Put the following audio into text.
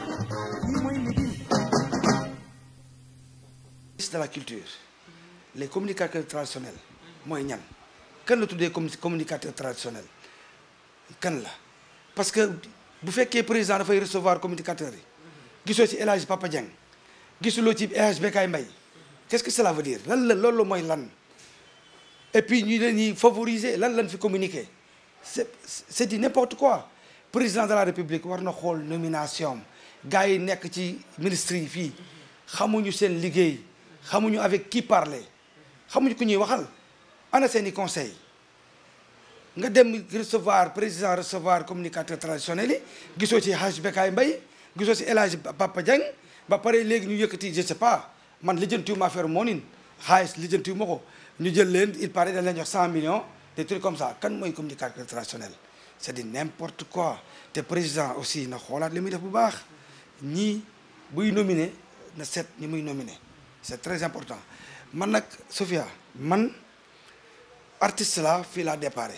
lii mooy liggéey. la culture les communicateurs traditionnels mooy ñan kan la tuddee communicateur traditionnel kan la parce que bu fekkee président dafay recevoir communicateurs yi gisoo ci El Hadj Papa Dieng gisuloo ci El Hadj Bekay Mbaye qu'est-ce que cela veut dire lan la loolu mooy lan et puis ñu leen ñuy favoriser lan lan fi communiquer c'est c'est di n'importe quoi président de la république war na xool nomination gars yi nekk ci ministre yi fii xamuñu seen liggéey xamuñu avec qui parler xamuñu ku ñuy waxal ana seen i conseil nga dem recevoir président recevoir communicateur traditionnel yi gisoo ci Haj Bekaay Mbaye gisoo ci élage Hadj Papa Dieng ba pare léegi ñu yëkkati je sa pas man lijjantiwuma affaire moonin xaalis lijjantiwuma ko ñu jël leen il paraît dañ leen jox cent millions des trucs comme sa kan mooy communicateur traditionnel c'est di n'importe quoi te président aussi na xoolaat li def bu baax ñii buy nominé na seet ñi muy nominé c'est très important man nag Sofia man artiste la fii la déparé